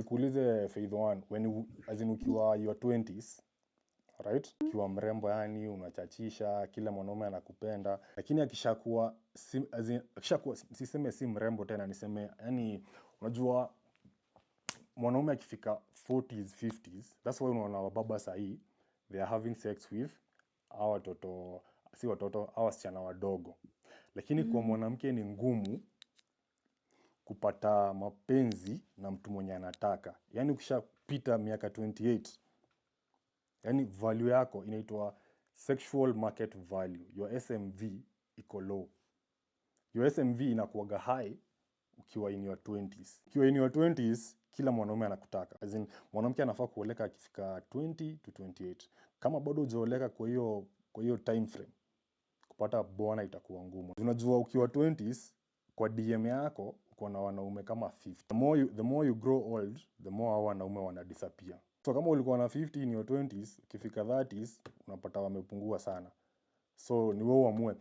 nikuulize Faith One, when as in ukiwa your 20s right, ukiwa mrembo yani unachachisha kila mwanaume anakupenda, lakini akishakuwa si, as in, akishakuwa siseme si mrembo tena, niseme yani, unajua mwanaume akifika 40s 50s, that's why unaona wababa sahii they are having sex with hawa watoto si watoto au wasichana wadogo, lakini mm. kwa mwanamke ni ngumu kupata mapenzi na mtu mwenye anataka. Yaani ukishapita miaka 28, yaani value yako inaitwa sexual market value, your SMV iko low. Your SMV inakuwaga high ukiwa in your 20s. Ukiwa in your 20s, kila mwanaume anakutaka. As in, mwanamke anafaa kuoleka akifika 20 to 28. Kama bado hujaoleka kwa hiyo kwa hiyo time frame, kupata bwana itakuwa ngumu. Unajua ukiwa 20s, kwa DM yako tutakuwa na wanaume kama 50. The more you, the more you grow old, the more hawa wanaume wana disappear. So kama ulikuwa na 50 in your 20s, ukifika 30s unapata wamepungua sana. So ni wewe uamue.